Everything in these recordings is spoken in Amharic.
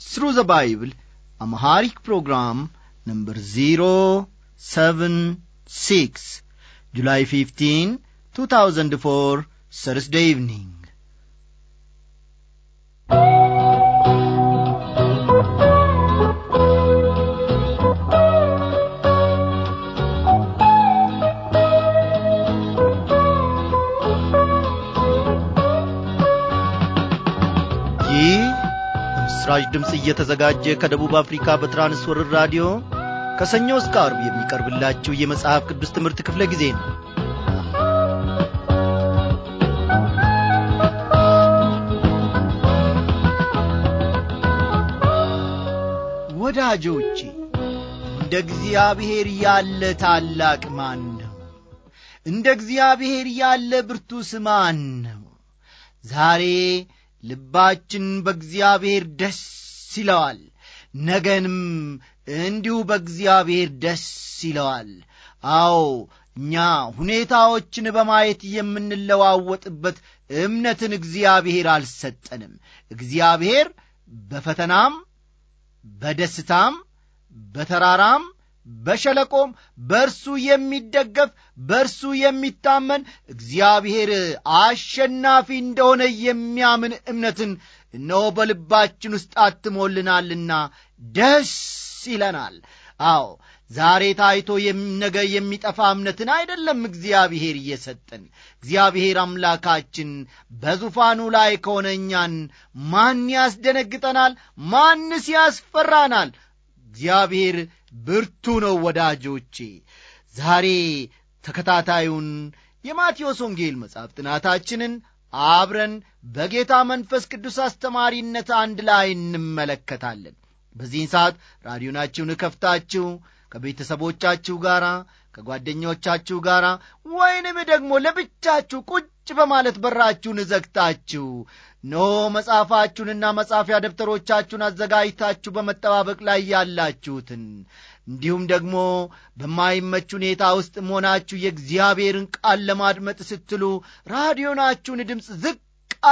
through the Bible Amharic program number 076 July 15 2004 Thursday evening ለምስራች ድምፅ እየተዘጋጀ ከደቡብ አፍሪካ በትራንስወርር ራዲዮ ከሰኞ እስከ አርብ የሚቀርብላችሁ የመጽሐፍ ቅዱስ ትምህርት ክፍለ ጊዜ ነው። ወዳጆቼ እንደ እግዚአብሔር ያለ ታላቅ ማን ነው? እንደ እግዚአብሔር ያለ ብርቱ ስማን ነው? ዛሬ ልባችን በእግዚአብሔር ደስ ይለዋል፣ ነገንም እንዲሁ በእግዚአብሔር ደስ ይለዋል። አዎ እኛ ሁኔታዎችን በማየት የምንለዋወጥበት እምነትን እግዚአብሔር አልሰጠንም። እግዚአብሔር በፈተናም በደስታም በተራራም በሸለቆም በእርሱ የሚደገፍ በእርሱ የሚታመን እግዚአብሔር አሸናፊ እንደሆነ የሚያምን እምነትን እነሆ በልባችን ውስጥ አትሞልናልና ደስ ይለናል። አዎ ዛሬ ታይቶ ነገ የሚጠፋ እምነትን አይደለም እግዚአብሔር እየሰጠን። እግዚአብሔር አምላካችን በዙፋኑ ላይ ከሆነኛን ማን ያስደነግጠናል? ማንስ ያስፈራናል? እግዚአብሔር ብርቱ ነው ወዳጆቼ ዛሬ ተከታታዩን የማቴዎስ ወንጌል መጽሐፍ ጥናታችንን አብረን በጌታ መንፈስ ቅዱስ አስተማሪነት አንድ ላይ እንመለከታለን በዚህን ሰዓት ራዲዮናችሁን እከፍታችሁ ከቤተሰቦቻችሁ ጋር ከጓደኞቻችሁ ጋር ወይንም ደግሞ ለብቻችሁ ቁጭ በማለት በራችሁን እዘግታችሁ ኖ መጻፋችሁንና መጻፊያ ደብተሮቻችሁን አዘጋጅታችሁ በመጠባበቅ ላይ ያላችሁትን እንዲሁም ደግሞ በማይመች ሁኔታ ውስጥ መሆናችሁ የእግዚአብሔርን ቃል ለማድመጥ ስትሉ ራዲዮናችሁን ድምፅ ዝቅ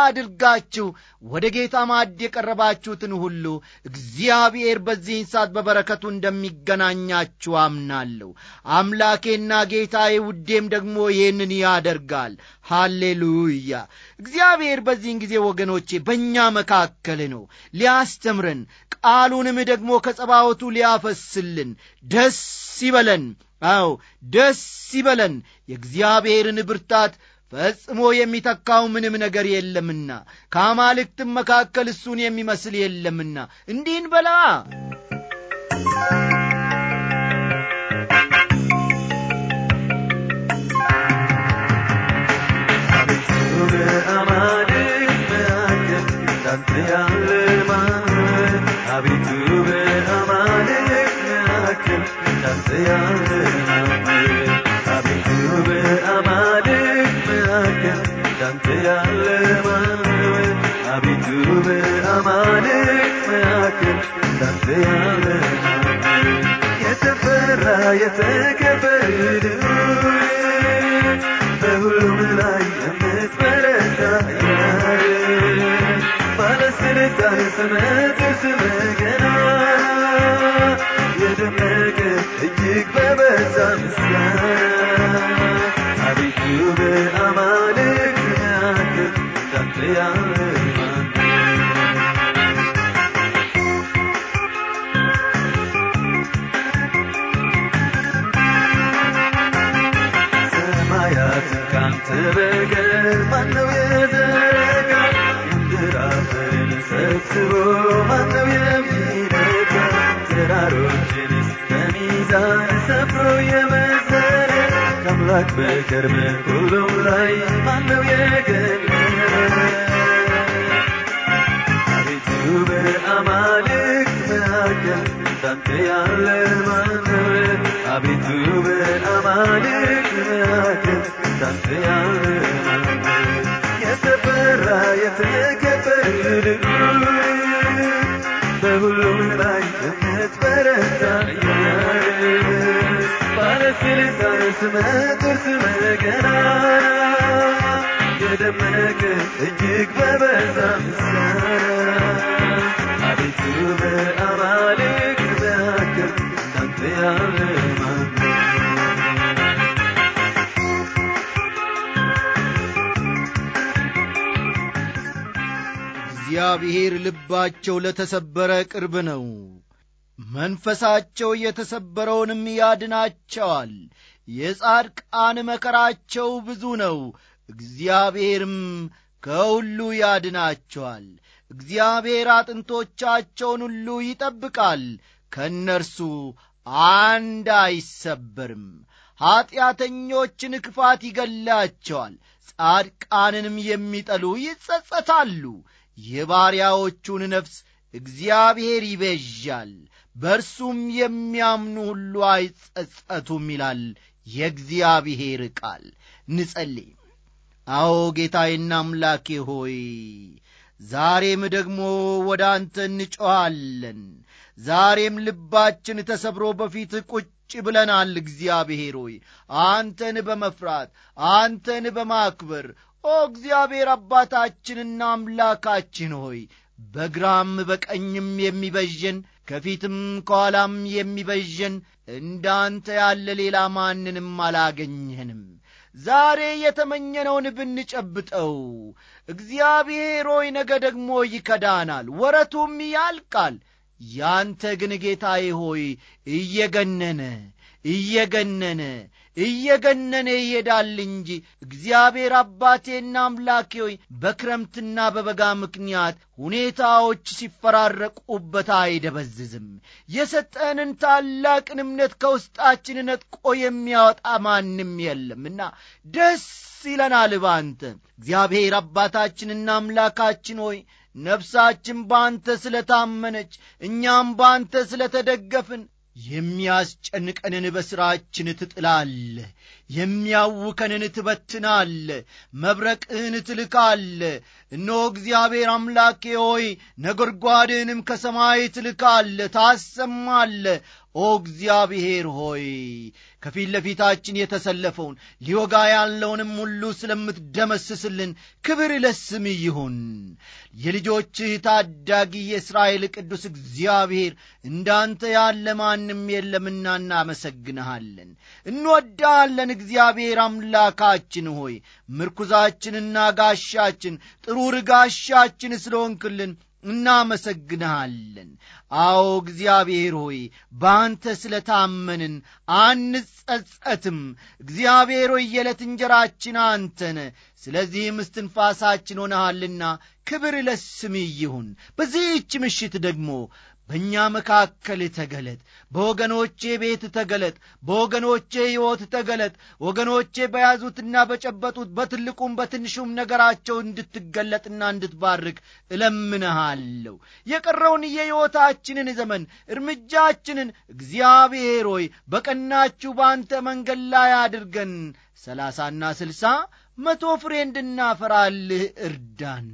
አድርጋችሁ ወደ ጌታ ማዕድ የቀረባችሁትን ሁሉ እግዚአብሔር በዚህን ሰዓት በበረከቱ እንደሚገናኛችሁ አምናለሁ። አምላኬና ጌታዬ ውዴም ደግሞ ይህንን ያደርጋል። ሃሌሉያ! እግዚአብሔር በዚህን ጊዜ ወገኖቼ በእኛ መካከል ነው ሊያስተምረን፣ ቃሉንም ደግሞ ከጸባወቱ ሊያፈስልን። ደስ ይበለን። አዎ ደስ ይበለን። የእግዚአብሔርን ብርታት ፈጽሞ የሚተካው ምንም ነገር የለምና ከአማልክትም መካከል እሱን የሚመስል የለምና እንዲህን በላ አቤቱ በአማልክ መካከል ያለ ያንተ ያለ ማን አቤቱ በአማልክ መካከል ያንተ ያለ የተፈራ በሁሉም ላይ የምትበረታ ባለስልጣን ስመት ስመት የተገበል በሁሉም ላይ እምነት በረታ ባለስልጣን ስመ ጦር ስመ ገናና የደመቀ እጅግ በበዛ ምስጋና አቤቱ በአማልክት መካከል አንተ ያለ እግዚአብሔር ልባቸው ለተሰበረ ቅርብ ነው፣ መንፈሳቸው የተሰበረውንም ያድናቸዋል። የጻድቃን መከራቸው ብዙ ነው፣ እግዚአብሔርም ከሁሉ ያድናቸዋል። እግዚአብሔር አጥንቶቻቸውን ሁሉ ይጠብቃል፣ ከእነርሱ አንድ አይሰበርም። ኀጢአተኞችን ክፋት ይገላቸዋል፣ ጻድቃንንም የሚጠሉ ይጸጸታሉ። የባሪያዎቹን ነፍስ እግዚአብሔር ይቤዣል፣ በእርሱም የሚያምኑ ሁሉ አይጸጸቱም ይላል የእግዚአብሔር ቃል። ንጸልይ። አዎ ጌታዬና አምላኬ ሆይ ዛሬም ደግሞ ወደ አንተ እንጮኋለን ዛሬም ልባችን ተሰብሮ በፊት ቁጭ ብለናል። እግዚአብሔር ሆይ አንተን በመፍራት አንተን በማክበር ኦ እግዚአብሔር አባታችንና አምላካችን ሆይ በግራም በቀኝም የሚበዥን ከፊትም ከኋላም የሚበዥን እንዳንተ ያለ ሌላ ማንንም አላገኘንም። ዛሬ የተመኘነውን ብንጨብጠው እግዚአብሔር ሆይ ነገ ደግሞ ይከዳናል፣ ወረቱም ያልቃል። ያንተ ግን ጌታዬ ሆይ እየገነነ እየገነነ እየገነነ ይሄዳል እንጂ እግዚአብሔር አባቴና አምላኬ ሆይ በክረምትና በበጋ ምክንያት ሁኔታዎች ሲፈራረቁበት አይደበዝዝም። የሰጠንን ታላቅን እምነት ከውስጣችን ነጥቆ የሚያወጣ ማንም የለምና ደስ ይለናል ባንተ እግዚአብሔር አባታችንና አምላካችን ሆይ ነፍሳችን በአንተ ስለ ታመነች እኛም በአንተ ስለ ተደገፍን የሚያስጨንቀንን በሥራችን ትጥላለ፣ የሚያውከንን ትበትናለ፣ መብረቅህን ትልካለ። እነሆ እግዚአብሔር አምላኬ ሆይ ነጎድጓድህንም ከሰማይ ትልካለ፣ ታሰማለ ኦ እግዚአብሔር ሆይ ከፊት ለፊታችን የተሰለፈውን ሊወጋ ያለውንም ሁሉ ስለምትደመስስልን ክብር ለስም ይሁን። የልጆችህ ታዳጊ የእስራኤል ቅዱስ እግዚአብሔር እንዳንተ ያለ ማንም የለምና እናመሰግንሃለን። እንወዳሃለን እግዚአብሔር አምላካችን ሆይ ምርኩዛችንና ጋሻችን ጥሩር ጋሻችን ስለሆንክልን እናመሰግንሃለን። አዎ እግዚአብሔር ሆይ በአንተ ስለ ታመንን አንጸጸትም። እግዚአብሔር ሆይ የዕለት እንጀራችን አንተነ፣ ስለዚህም እስትንፋሳችን ሆነሃልና ክብር ለስም ይሁን። በዚህች ምሽት ደግሞ በእኛ መካከል ተገለጥ፣ በወገኖቼ ቤት ተገለጥ፣ በወገኖቼ ሕይወት ተገለጥ። ወገኖቼ በያዙትና በጨበጡት በትልቁም በትንሹም ነገራቸው እንድትገለጥና እንድትባርክ እለምንሃለሁ። የቀረውን የሕይወታችንን ዘመን እርምጃችንን እግዚአብሔር ሆይ በቀናችሁ በአንተ መንገድ ላይ አድርገን ሰላሳና ስልሳ መቶ ፍሬ እንድናፈራልህ እርዳን።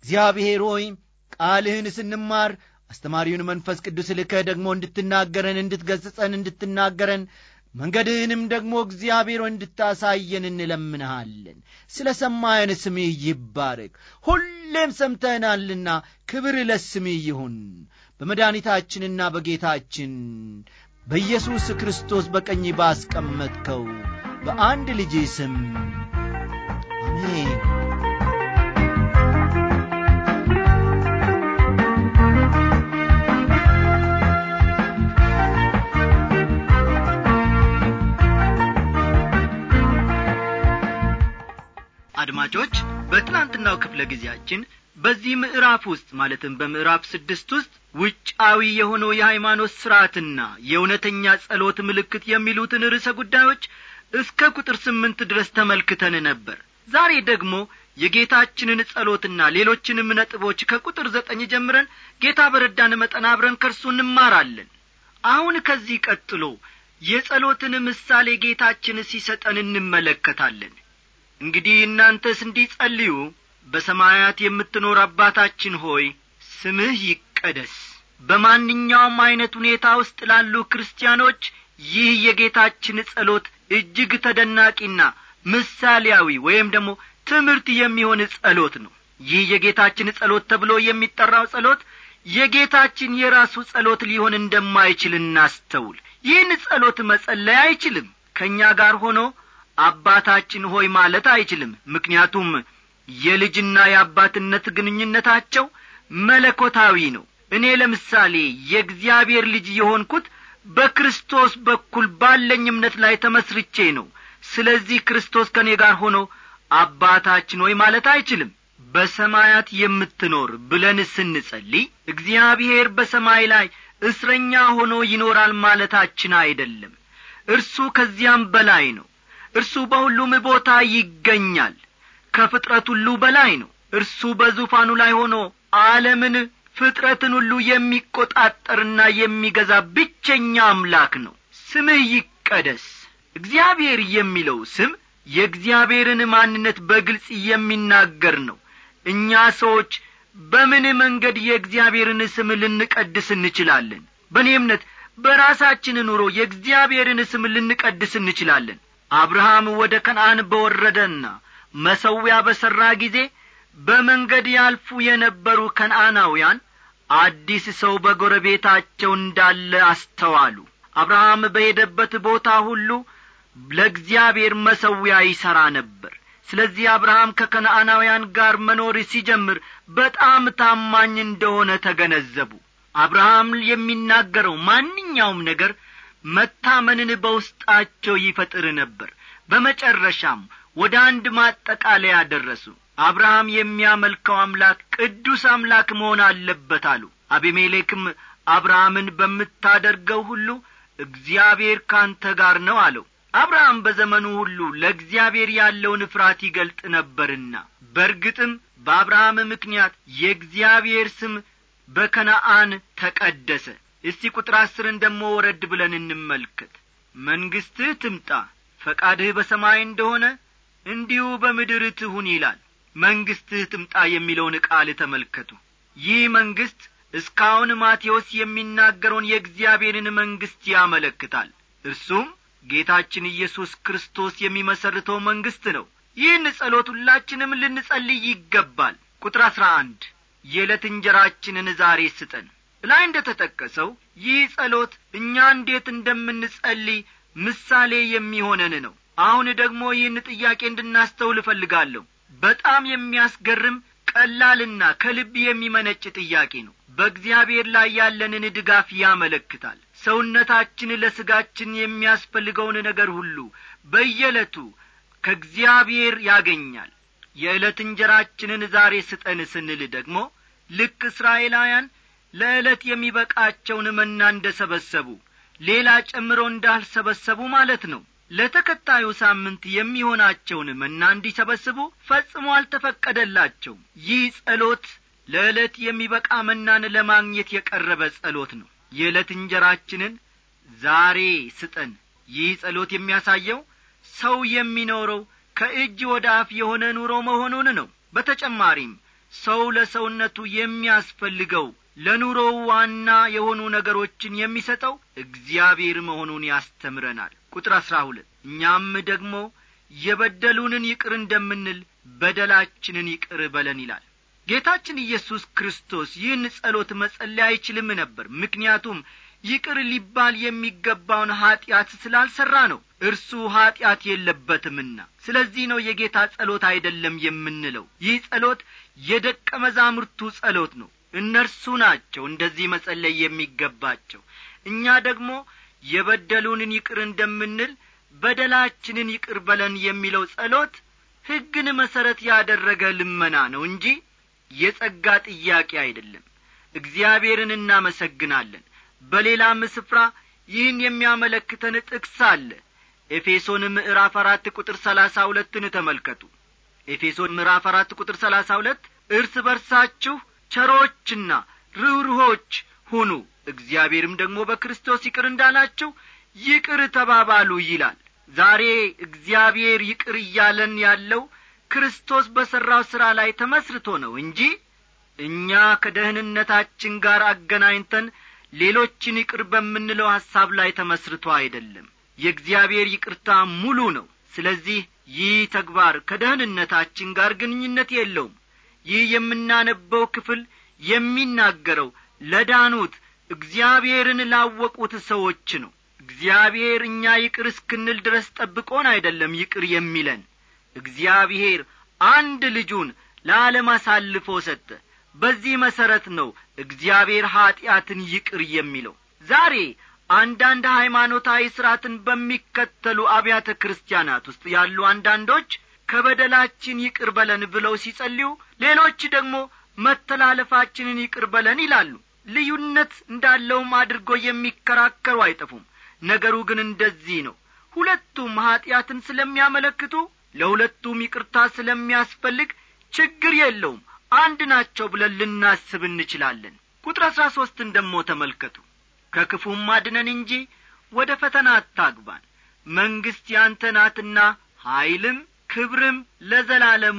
እግዚአብሔር ሆይ ቃልህን ስንማር አስተማሪውን መንፈስ ቅዱስ ልከህ ደግሞ እንድትናገረን እንድትገሥጸን እንድትናገረን መንገድህንም ደግሞ እግዚአብሔር እንድታሳየን እንለምንሃለን ስለ ሰማየን ስምህ ይባረክ ሁሌም ሰምተህናልና ክብር ለስምህ ይሁን በመድኒታችንና በጌታችን በኢየሱስ ክርስቶስ በቀኝ ባስቀመጥከው በአንድ ልጅ ስም አሜን አድማጮች በትናንትናው ክፍለ ጊዜያችን በዚህ ምዕራፍ ውስጥ ማለትም በምዕራፍ ስድስት ውስጥ ውጫዊ የሆነው የሃይማኖት ሥርዓትና የእውነተኛ ጸሎት ምልክት የሚሉትን ርዕሰ ጉዳዮች እስከ ቁጥር ስምንት ድረስ ተመልክተን ነበር ዛሬ ደግሞ የጌታችንን ጸሎትና ሌሎችንም ነጥቦች ከቁጥር ዘጠኝ ጀምረን ጌታ በረዳን መጠን አብረን ከእርሱ እንማራለን አሁን ከዚህ ቀጥሎ የጸሎትን ምሳሌ ጌታችን ሲሰጠን እንመለከታለን እንግዲህ እናንተስ እንዲጸልዩ በሰማያት የምትኖር አባታችን ሆይ ስምህ ይቀደስ በማንኛውም ዐይነት ሁኔታ ውስጥ ላሉ ክርስቲያኖች ይህ የጌታችን ጸሎት እጅግ ተደናቂና ምሳሌያዊ ወይም ደግሞ ትምህርት የሚሆን ጸሎት ነው ይህ የጌታችን ጸሎት ተብሎ የሚጠራው ጸሎት የጌታችን የራሱ ጸሎት ሊሆን እንደማይችል እናስተውል ይህን ጸሎት መጸለይ አይችልም ከእኛ ጋር ሆኖ አባታችን ሆይ ማለት አይችልም ምክንያቱም የልጅና የአባትነት ግንኙነታቸው መለኮታዊ ነው እኔ ለምሳሌ የእግዚአብሔር ልጅ የሆንኩት በክርስቶስ በኩል ባለኝ እምነት ላይ ተመስርቼ ነው ስለዚህ ክርስቶስ ከእኔ ጋር ሆኖ አባታችን ሆይ ማለት አይችልም በሰማያት የምትኖር ብለን ስንጸልይ እግዚአብሔር በሰማይ ላይ እስረኛ ሆኖ ይኖራል ማለታችን አይደለም እርሱ ከዚያም በላይ ነው እርሱ በሁሉም ቦታ ይገኛል ከፍጥረት ሁሉ በላይ ነው እርሱ በዙፋኑ ላይ ሆኖ ዓለምን ፍጥረትን ሁሉ የሚቈጣጠርና የሚገዛ ብቸኛ አምላክ ነው ስምህ ይቀደስ እግዚአብሔር የሚለው ስም የእግዚአብሔርን ማንነት በግልጽ የሚናገር ነው እኛ ሰዎች በምን መንገድ የእግዚአብሔርን ስም ልንቀድስ እንችላለን በእኔ እምነት በራሳችን ኑሮ የእግዚአብሔርን ስም ልንቀድስ እንችላለን አብርሃም ወደ ከነአን በወረደና መሠዊያ በሠራ ጊዜ በመንገድ ያልፉ የነበሩ ከነአናውያን አዲስ ሰው በጎረቤታቸው እንዳለ አስተዋሉ አብርሃም በሄደበት ቦታ ሁሉ ለእግዚአብሔር መሠዊያ ይሠራ ነበር ስለዚህ አብርሃም ከከነአናውያን ጋር መኖር ሲጀምር በጣም ታማኝ እንደሆነ ተገነዘቡ አብርሃም የሚናገረው ማንኛውም ነገር መታመንን በውስጣቸው ይፈጥር ነበር በመጨረሻም ወደ አንድ ማጠቃለያ ደረሱ አብርሃም የሚያመልከው አምላክ ቅዱስ አምላክ መሆን አለበት አሉ አቢሜሌክም አብርሃምን በምታደርገው ሁሉ እግዚአብሔር ካንተ ጋር ነው አለው አብርሃም በዘመኑ ሁሉ ለእግዚአብሔር ያለውን ፍርሃት ይገልጥ ነበርና በርግጥም በአብርሃም ምክንያት የእግዚአብሔር ስም በከነአን ተቀደሰ እስቲ ቁጥር አስርን ደሞ ወረድ ብለን እንመልከት መንግሥትህ ትምጣ ፈቃድህ በሰማይ እንደሆነ እንዲሁ በምድር ትሁን ይላል መንግሥትህ ትምጣ የሚለውን ቃል ተመልከቱ ይህ መንግሥት እስካሁን ማቴዎስ የሚናገረውን የእግዚአብሔርን መንግሥት ያመለክታል እርሱም ጌታችን ኢየሱስ ክርስቶስ የሚመሰርተው መንግሥት ነው ይህን ጸሎት ሁላችንም ልንጸልይ ይገባል ቁጥር አሥራ አንድ የዕለት እንጀራችንን ዛሬ ስጠን ላይ እንደ ተጠቀሰው ይህ ጸሎት እኛ እንዴት እንደምንጸልይ ምሳሌ የሚሆነን ነው አሁን ደግሞ ይህን ጥያቄ እንድናስተውል እፈልጋለሁ በጣም የሚያስገርም ቀላልና ከልብ የሚመነጭ ጥያቄ ነው በእግዚአብሔር ላይ ያለንን ድጋፍ ያመለክታል ሰውነታችን ለስጋችን የሚያስፈልገውን ነገር ሁሉ በየዕለቱ ከእግዚአብሔር ያገኛል የዕለት እንጀራችንን ዛሬ ስጠን ስንል ደግሞ ልክ እስራኤላውያን ለዕለት የሚበቃቸውን መና እንደ ሰበሰቡ ሌላ ጨምሮ እንዳልሰበሰቡ ማለት ነው ለተከታዩ ሳምንት የሚሆናቸውን መና እንዲሰበስቡ ፈጽሞ አልተፈቀደላቸውም ይህ ጸሎት ለዕለት የሚበቃ መናን ለማግኘት የቀረበ ጸሎት ነው የዕለት እንጀራችንን ዛሬ ስጠን ይህ ጸሎት የሚያሳየው ሰው የሚኖረው ከእጅ ወደ አፍ የሆነ ኑሮ መሆኑን ነው በተጨማሪም ሰው ለሰውነቱ የሚያስፈልገው ለኑሮው ዋና የሆኑ ነገሮችን የሚሰጠው እግዚአብሔር መሆኑን ያስተምረናል ቁጥር አሥራ ሁለት እኛም ደግሞ የበደሉንን ይቅር እንደምንል በደላችንን ይቅር በለን ይላል ጌታችን ኢየሱስ ክርስቶስ ይህን ጸሎት መጸለይ አይችልም ነበር ምክንያቱም ይቅር ሊባል የሚገባውን ኀጢአት ስላልሠራ ነው እርሱ ኀጢአት የለበትምና ስለዚህ ነው የጌታ ጸሎት አይደለም የምንለው ይህ ጸሎት የደቀ መዛሙርቱ ጸሎት ነው እነርሱ ናቸው እንደዚህ መጸለይ የሚገባቸው እኛ ደግሞ የበደሉንን ይቅር እንደምንል በደላችንን ይቅር በለን የሚለው ጸሎት ሕግን መሠረት ያደረገ ልመና ነው እንጂ የጸጋ ጥያቄ አይደለም እግዚአብሔርን እናመሰግናለን በሌላም ስፍራ ይህን የሚያመለክተን ጥቅስ አለ ኤፌሶን ምዕራፍ አራት ቁጥር ሰላሳ ሁለትን ተመልከቱ ኤፌሶን ምዕራፍ አራት ቁጥር ሰላሳ ሁለት እርስ በርሳችሁ ቸሮችና ርኅሩሆች ሁኑ እግዚአብሔርም ደግሞ በክርስቶስ ይቅር እንዳላቸው ይቅር ተባባሉ ይላል ዛሬ እግዚአብሔር ይቅር እያለን ያለው ክርስቶስ በሠራው ሥራ ላይ ተመስርቶ ነው እንጂ እኛ ከደህንነታችን ጋር አገናኝተን ሌሎችን ይቅር በምንለው ሐሳብ ላይ ተመስርቶ አይደለም የእግዚአብሔር ይቅርታ ሙሉ ነው ስለዚህ ይህ ተግባር ከደህንነታችን ጋር ግንኙነት የለውም ይህ የምናነበው ክፍል የሚናገረው ለዳኑት እግዚአብሔርን ላወቁት ሰዎች ነው እግዚአብሔር እኛ ይቅር እስክንል ድረስ ጠብቆን አይደለም ይቅር የሚለን እግዚአብሔር አንድ ልጁን ለዓለም አሳልፎ ሰጠ በዚህ መሠረት ነው እግዚአብሔር ኀጢአትን ይቅር የሚለው ዛሬ አንዳንድ ሃይማኖታዊ ሥርዓትን በሚከተሉ አብያተ ክርስቲያናት ውስጥ ያሉ አንዳንዶች ከበደላችን ይቅር በለን ብለው ሲጸልዩ ሌሎች ደግሞ መተላለፋችንን ይቅር በለን ይላሉ ልዩነት እንዳለውም አድርጎ የሚከራከሩ አይጠፉም ነገሩ ግን እንደዚህ ነው ሁለቱም ኀጢአትን ስለሚያመለክቱ ለሁለቱም ይቅርታ ስለሚያስፈልግ ችግር የለውም አንድ ናቸው ብለን ልናስብ እንችላለን ቁጥር አሥራ ሦስትን ደሞ ተመልከቱ ከክፉም አድነን እንጂ ወደ ፈተና አታግባን መንግሥት ያንተ ናትና ኀይልም ክብርም ለዘላለሙ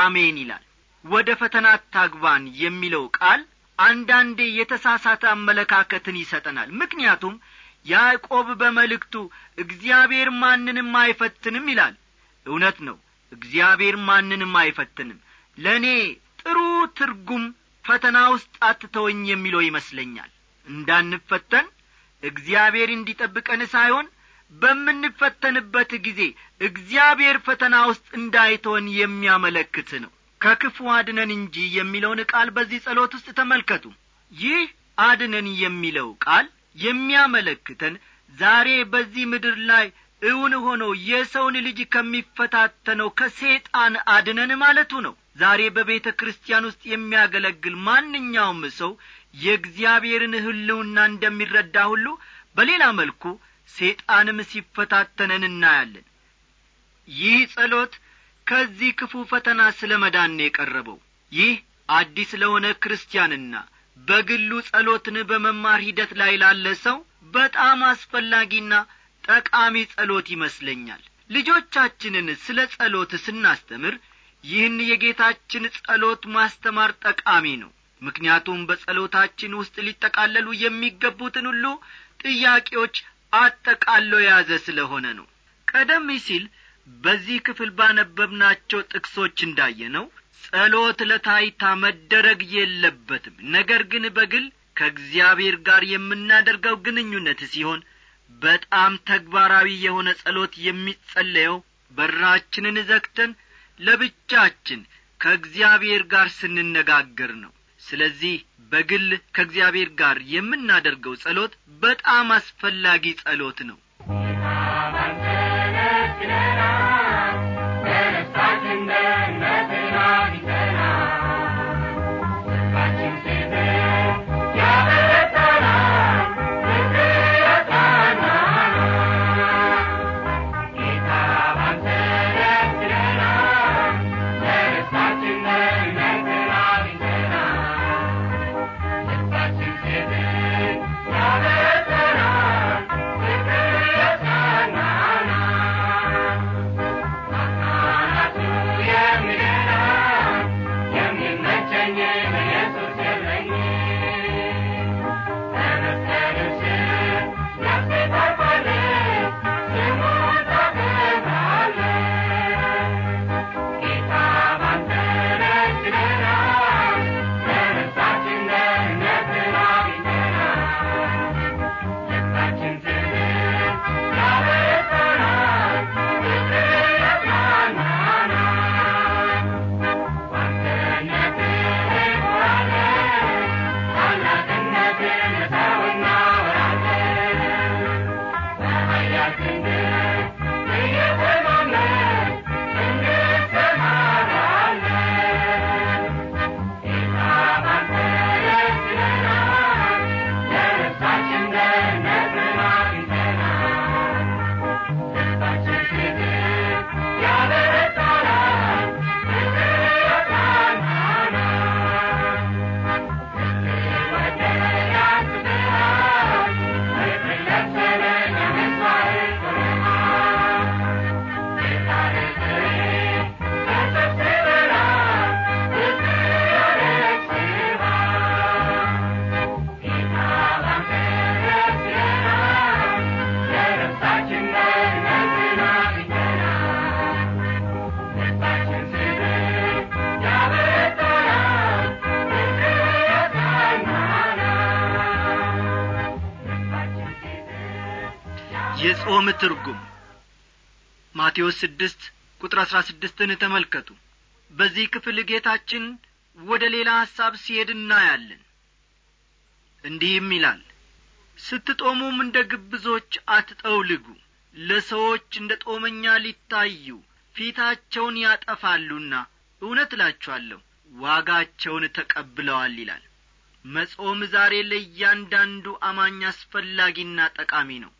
አሜን ይላል ወደ ፈተና ታግባን የሚለው ቃል አንዳንዴ የተሳሳተ አመለካከትን ይሰጠናል ምክንያቱም ያዕቆብ በመልእክቱ እግዚአብሔር ማንንም አይፈትንም ይላል እውነት ነው እግዚአብሔር ማንንም አይፈትንም ለእኔ ጥሩ ትርጉም ፈተና ውስጥ አትተወኝ የሚለው ይመስለኛል እንዳንፈተን እግዚአብሔር እንዲጠብቀን ሳይሆን በምንፈተንበት ጊዜ እግዚአብሔር ፈተና ውስጥ እንዳይቶን የሚያመለክት ነው ከክፉ አድነን እንጂ የሚለውን ቃል በዚህ ጸሎት ውስጥ ተመልከቱ ይህ አድነን የሚለው ቃል የሚያመለክተን ዛሬ በዚህ ምድር ላይ እውን ሆኖ የሰውን ልጅ ከሚፈታተነው ከሴጣን አድነን ማለቱ ነው ዛሬ በቤተ ክርስቲያን ውስጥ የሚያገለግል ማንኛውም ሰው የእግዚአብሔርን ህልውና እንደሚረዳ ሁሉ በሌላ መልኩ ሰይጣንም ሲፈታተነን እናያለን ይህ ጸሎት ከዚህ ክፉ ፈተና ስለ መዳን የቀረበው ይህ አዲስ ለሆነ ክርስቲያንና በግሉ ጸሎትን በመማር ሂደት ላይ ላለ ሰው በጣም አስፈላጊና ጠቃሚ ጸሎት ይመስለኛል ልጆቻችንን ስለ ጸሎት ስናስተምር ይህን የጌታችን ጸሎት ማስተማር ጠቃሚ ነው ምክንያቱም በጸሎታችን ውስጥ ሊጠቃለሉ የሚገቡትን ሁሉ ጥያቄዎች አጠቃሎ የያዘ ስለሆነ ነው ቀደም ሲል በዚህ ክፍል ባነበብናቸው ጥቅሶች ነው ጸሎት ለታይታ መደረግ የለበትም ነገር ግን በግል ከእግዚአብሔር ጋር የምናደርገው ግንኙነት ሲሆን በጣም ተግባራዊ የሆነ ጸሎት የሚጸለየው በራችንን ዘግተን ለብቻችን ከእግዚአብሔር ጋር ስንነጋገር ነው ስለዚህ በግል ከእግዚአብሔር ጋር የምናደርገው ጸሎት በጣም አስፈላጊ ጸሎት ነው ማቴዎስ ስድስት ቁጥር አሥራ ስድስትን ተመልከቱ በዚህ ክፍል ጌታችን ወደ ሌላ ሐሳብ ሲሄድ እናያለን እንዲህም ይላል ስትጦሙም እንደ ግብዞች አትጠውልጉ ለሰዎች እንደ ጦመኛ ሊታዩ ፊታቸውን ያጠፋሉና እውነት እላችኋለሁ ዋጋቸውን ተቀብለዋል ይላል መጾም ዛሬ ለእያንዳንዱ አማኝ አስፈላጊና ጠቃሚ ነው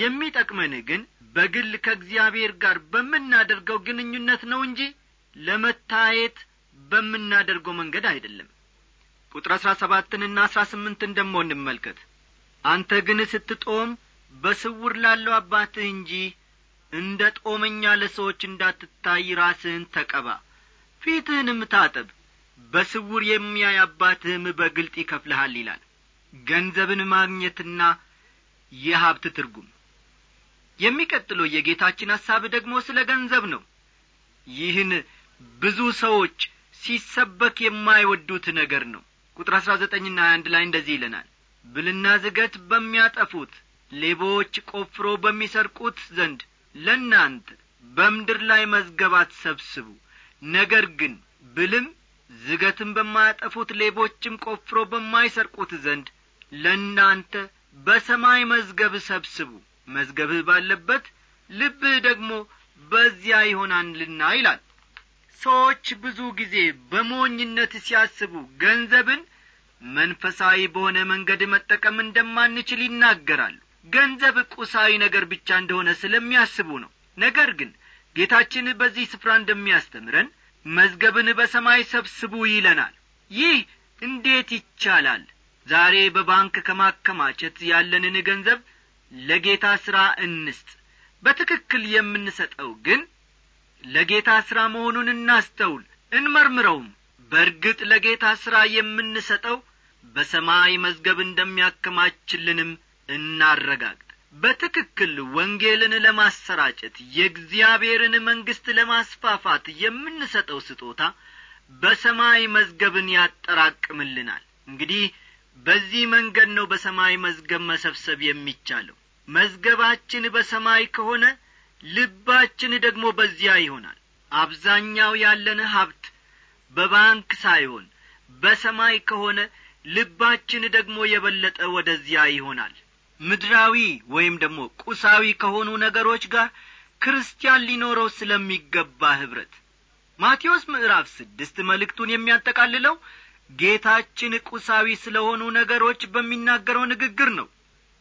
የሚጠቅመን ግን በግል ከእግዚአብሔር ጋር በምናደርገው ግንኙነት ነው እንጂ ለመታየት በምናደርገው መንገድ አይደለም ቁጥር አሥራ ሰባትንና አሥራ ስምንትን ደሞ እንመልከት አንተ ግን ስትጦም በስውር ላለው አባትህ እንጂ እንደ ጦመኛ ለሰዎች እንዳትታይ ራስህን ተቀባ ፊትህንም ታጠብ በስውር የሚያይ አባትህም በግልጥ ይከፍልሃል ይላል ገንዘብን ማግኘትና የሀብት ትርጉም የሚቀጥለው የጌታችን ሐሳብ ደግሞ ስለ ገንዘብ ነው ይህን ብዙ ሰዎች ሲሰበክ የማይወዱት ነገር ነው ቁጥር አሥራ ዘጠኝና አንድ ላይ እንደዚህ ይለናል ብልና ዝገት በሚያጠፉት ሌቦች ቆፍሮ በሚሰርቁት ዘንድ ለእናንተ በምድር ላይ መዝገባት ሰብስቡ ነገር ግን ብልም ዝገትም በማያጠፉት ሌቦችም ቆፍሮ በማይሰርቁት ዘንድ ለእናንተ በሰማይ መዝገብ ሰብስቡ መዝገብህ ባለበት ልብህ ደግሞ በዚያ ይሆናልና ይላል ሰዎች ብዙ ጊዜ በሞኝነት ሲያስቡ ገንዘብን መንፈሳዊ በሆነ መንገድ መጠቀም እንደማንችል ይናገራሉ ገንዘብ ቁሳዊ ነገር ብቻ እንደሆነ ስለሚያስቡ ነው ነገር ግን ጌታችን በዚህ ስፍራ እንደሚያስተምረን መዝገብን በሰማይ ሰብስቡ ይለናል ይህ እንዴት ይቻላል ዛሬ በባንክ ከማከማቸት ያለንን ገንዘብ ለጌታ ሥራ እንስጥ በትክክል የምንሰጠው ግን ለጌታ ሥራ መሆኑን እናስተውል እንመርምረውም በእርግጥ ለጌታ ሥራ የምንሰጠው በሰማይ መዝገብ እንደሚያከማችልንም እናረጋግጥ በትክክል ወንጌልን ለማሰራጨት የእግዚአብሔርን መንግሥት ለማስፋፋት የምንሰጠው ስጦታ በሰማይ መዝገብን ያጠራቅምልናል እንግዲህ በዚህ መንገድ ነው በሰማይ መዝገብ መሰብሰብ የሚቻለው መዝገባችን በሰማይ ከሆነ ልባችን ደግሞ በዚያ ይሆናል አብዛኛው ያለን ሀብት በባንክ ሳይሆን በሰማይ ከሆነ ልባችን ደግሞ የበለጠ ወደዚያ ይሆናል ምድራዊ ወይም ደግሞ ቁሳዊ ከሆኑ ነገሮች ጋር ክርስቲያን ሊኖረው ስለሚገባ ኅብረት ማቴዎስ ምዕራፍ ስድስት መልእክቱን የሚያጠቃልለው ጌታችን ቁሳዊ ስለሆኑ ነገሮች በሚናገረው ንግግር ነው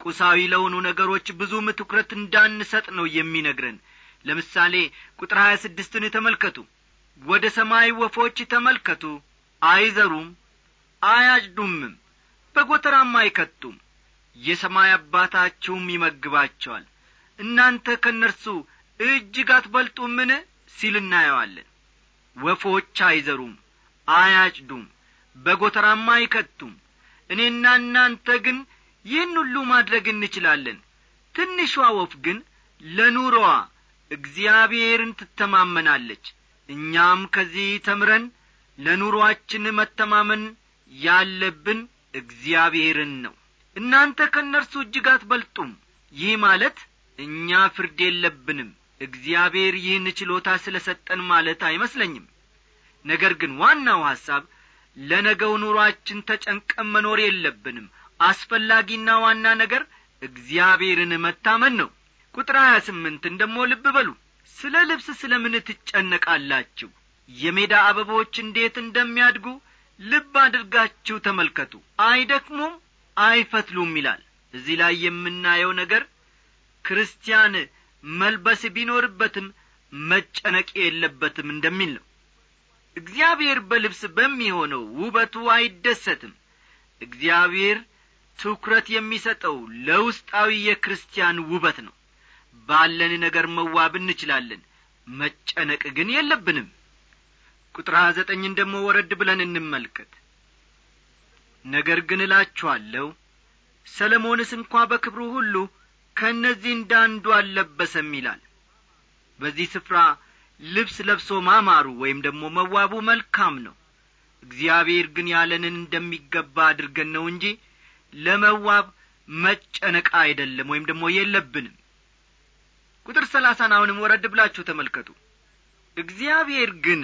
ቁሳዊ ለሆኑ ነገሮች ብዙም ትኩረት እንዳንሰጥ ነው የሚነግረን ለምሳሌ ቁጥር ሀያ ስድስትን ተመልከቱ ወደ ሰማይ ወፎች ተመልከቱ አይዘሩም አያጭዱምም በጎተራም አይከቱም የሰማይ አባታችሁም ይመግባቸዋል እናንተ ከእነርሱ እጅግ አትበልጡምን ሲል እናየዋለን ወፎች አይዘሩም አያጭዱም በጎተራማ አይከቱም እኔና እናንተ ግን ይህን ሁሉ ማድረግ እንችላለን ትንሿ ወፍ ግን ለኑሮዋ እግዚአብሔርን ትተማመናለች እኛም ከዚህ ተምረን ለኑሮአችን መተማመን ያለብን እግዚአብሔርን ነው እናንተ ከእነርሱ እጅግ አትበልጡም ይህ ማለት እኛ ፍርድ የለብንም እግዚአብሔር ይህን ችሎታ ስለ ሰጠን ማለት አይመስለኝም ነገር ግን ዋናው ሐሳብ ለነገው ኑሯችን ተጨንቀን መኖር የለብንም አስፈላጊና ዋና ነገር እግዚአብሔርን መታመን ነው ቁጥር ሀያ ስምንትን ልብ በሉ ስለ ልብስ ስለ ምን ትጨነቃላችሁ የሜዳ አበቦች እንዴት እንደሚያድጉ ልብ አድርጋችሁ ተመልከቱ አይደክሙም አይፈትሉም ይላል እዚህ ላይ የምናየው ነገር ክርስቲያን መልበስ ቢኖርበትም መጨነቅ የለበትም እንደሚል ነው እግዚአብሔር በልብስ በሚሆነው ውበቱ አይደሰትም እግዚአብሔር ትኩረት የሚሰጠው ለውስጣዊ የክርስቲያን ውበት ነው ባለን ነገር መዋብ እንችላለን መጨነቅ ግን የለብንም ቁጥር ሀያ ዘጠኝን ደሞ ወረድ ብለን እንመልከት ነገር ግን እላችኋለሁ ሰለሞንስ እንኳ በክብሩ ሁሉ ከእነዚህ እንዳንዱ አልለበሰም ይላል በዚህ ስፍራ ልብስ ለብሶ ማማሩ ወይም ደግሞ መዋቡ መልካም ነው እግዚአብሔር ግን ያለንን እንደሚገባ አድርገን ነው እንጂ ለመዋብ መጨነቅ አይደለም ወይም ደግሞ የለብንም ቁጥር ሰላሳን አሁንም ወረድ ብላችሁ ተመልከቱ እግዚአብሔር ግን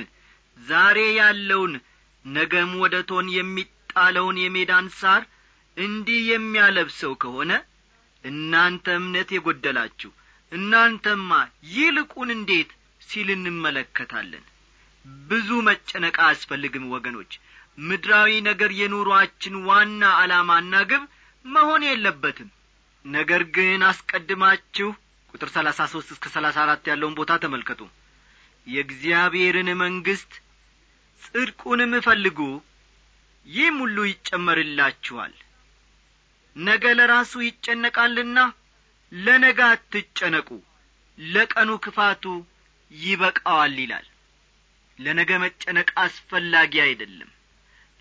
ዛሬ ያለውን ነገም ወደ ቶን የሚጣለውን የሜዳን ሳር እንዲህ የሚያለብሰው ከሆነ እናንተ እምነት የጐደላችሁ እናንተማ ይልቁን እንዴት ሲል እንመለከታለን ብዙ መጨነቅ አያስፈልግም ወገኖች ምድራዊ ነገር የኑሯችን ዋና ዓላማና ግብ መሆን የለበትም ነገር ግን አስቀድማችሁ ቁጥር 33 እስከ 34 ያለውን ቦታ ተመልከቱ የእግዚአብሔርን መንግሥት ጽድቁንም እፈልጉ ይህም ሁሉ ይጨመርላችኋል ነገ ለራሱ ይጨነቃልና ለነገ አትጨነቁ ለቀኑ ክፋቱ ይበቃዋል ይላል ለነገ መጨነቅ አስፈላጊ አይደለም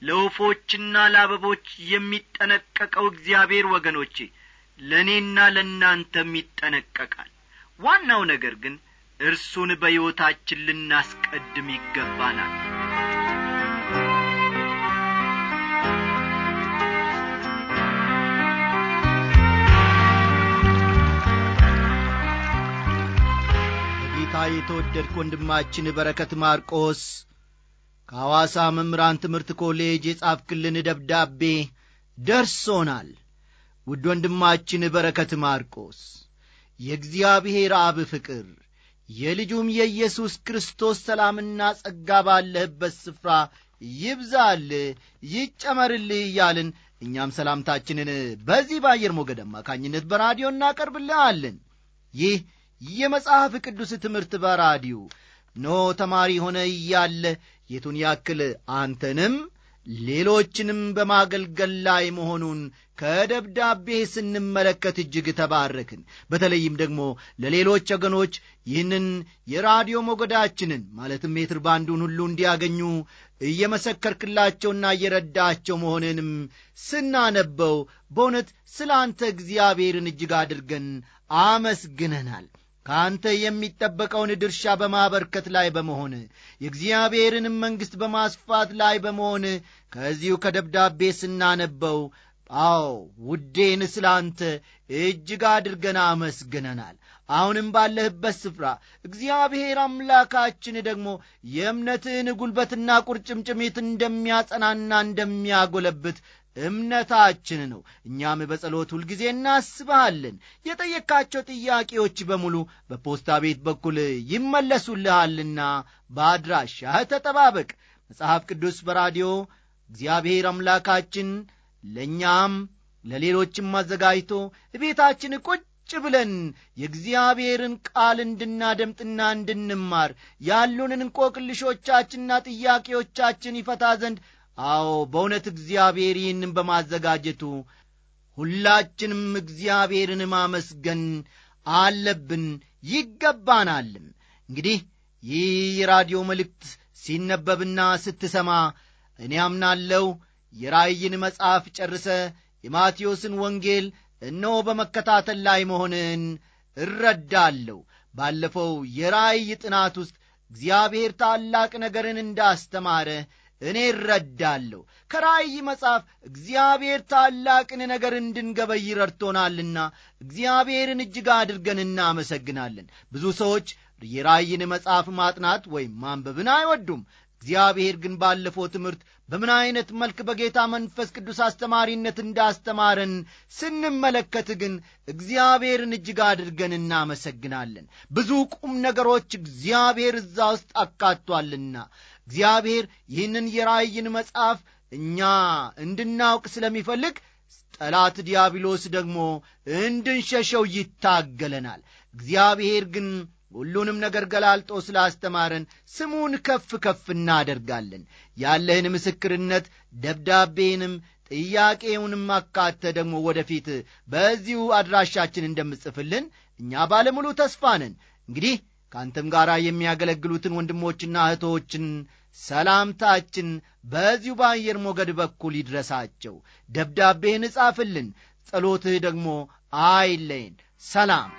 ለወፎችና ለአበቦች የሚጠነቀቀው እግዚአብሔር ወገኖቼ ለእኔና ለእናንተም ይጠነቀቃል ዋናው ነገር ግን እርሱን በሕይወታችን ልናስቀድም ይገባናል የተወደድክ ወንድማችን በረከት ማርቆስ ከሐዋሳ መምህራን ትምህርት ኮሌጅ የጻፍክልን ደብዳቤ ደርሶናል። ውድ ወንድማችን በረከት ማርቆስ የእግዚአብሔር አብ ፍቅር የልጁም የኢየሱስ ክርስቶስ ሰላምና ጸጋ ባለህበት ስፍራ ይብዛል ይጨመርልህ እያልን እኛም ሰላምታችንን በዚህ በአየር ሞገድ አማካኝነት በራዲዮ እናቀርብልሃለን። ይህ የመጽሐፍ ቅዱስ ትምህርት በራዲዮ ኖ ተማሪ ሆነ እያለ የቱን ያክል አንተንም ሌሎችንም በማገልገል ላይ መሆኑን ከደብዳቤ ስንመለከት እጅግ ተባረክን። በተለይም ደግሞ ለሌሎች ወገኖች ይህንን የራዲዮ ሞገዳችንን ማለትም ሜትር ባንዱን ሁሉ እንዲያገኙ እየመሰከርክላቸውና እየረዳቸው መሆንንም ስናነበው በእውነት ስለ አንተ እግዚአብሔርን እጅግ አድርገን አመስግነናል። ከአንተ የሚጠበቀውን ድርሻ በማበርከት ላይ በመሆን የእግዚአብሔርንም መንግሥት በማስፋት ላይ በመሆን ከዚሁ ከደብዳቤ ስናነበው አዎ ውዴን ስለ አንተ እጅግ አድርገን አመስግነናል። አሁንም ባለህበት ስፍራ እግዚአብሔር አምላካችን ደግሞ የእምነትህን ጉልበትና ቁርጭምጭሚት እንደሚያጸናና እንደሚያጎለብት እምነታችን ነው። እኛም በጸሎት ሁልጊዜ እናስብሃለን። የጠየካቸው ጥያቄዎች በሙሉ በፖስታ ቤት በኩል ይመለሱልሃልና በአድራሻህ ተጠባበቅ። መጽሐፍ ቅዱስ በራዲዮ እግዚአብሔር አምላካችን ለእኛም ለሌሎችም አዘጋጅቶ ቤታችን ቁጭ ቁጭ ብለን የእግዚአብሔርን ቃል እንድናደምጥና እንድንማር ያሉንን እንቆቅልሾቻችንና ጥያቄዎቻችን ይፈታ ዘንድ አዎ በእውነት እግዚአብሔር በማዘጋጀቱ ሁላችንም እግዚአብሔርን ማመስገን አለብን ይገባናልም እንግዲህ ይህ የራዲዮ መልእክት ሲነበብና ስትሰማ እኔ አምናለው የራእይን መጽሐፍ ጨርሰ የማቴዎስን ወንጌል እነሆ በመከታተል ላይ መሆንን እረዳለሁ ባለፈው የራእይ ጥናት ውስጥ እግዚአብሔር ታላቅ ነገርን እንዳስተማረ እኔ እረዳለሁ። ከራእይ መጽሐፍ እግዚአብሔር ታላቅን ነገር እንድንገበይ ረድቶናልና እግዚአብሔርን እጅግ አድርገን እናመሰግናለን። ብዙ ሰዎች የራእይን መጽሐፍ ማጥናት ወይም ማንበብን አይወዱም። እግዚአብሔር ግን ባለፈው ትምህርት በምን ዐይነት መልክ በጌታ መንፈስ ቅዱስ አስተማሪነት እንዳስተማረን ስንመለከት ግን እግዚአብሔርን እጅግ አድርገን እናመሰግናለን። ብዙ ቁም ነገሮች እግዚአብሔር እዛ ውስጥ አካቷልና እግዚአብሔር ይህንን የራእይን መጽሐፍ እኛ እንድናውቅ ስለሚፈልግ ጠላት ዲያብሎስ ደግሞ እንድንሸሸው ይታገለናል። እግዚአብሔር ግን ሁሉንም ነገር ገላልጦ ስላስተማረን ስሙን ከፍ ከፍ እናደርጋለን። ያለህን ምስክርነት ደብዳቤንም ጥያቄውንም አካተ ደግሞ ወደፊት በዚሁ አድራሻችን እንደምጽፍልን እኛ ባለሙሉ ተስፋ ነን። እንግዲህ ከአንተም ጋር የሚያገለግሉትን ወንድሞችና እህቶችን ሰላምታችን በዚሁ በአየር ሞገድ በኩል ይድረሳቸው። ደብዳቤህን እጻፍልን ጸሎትህ ደግሞ አይለይን። ሰላም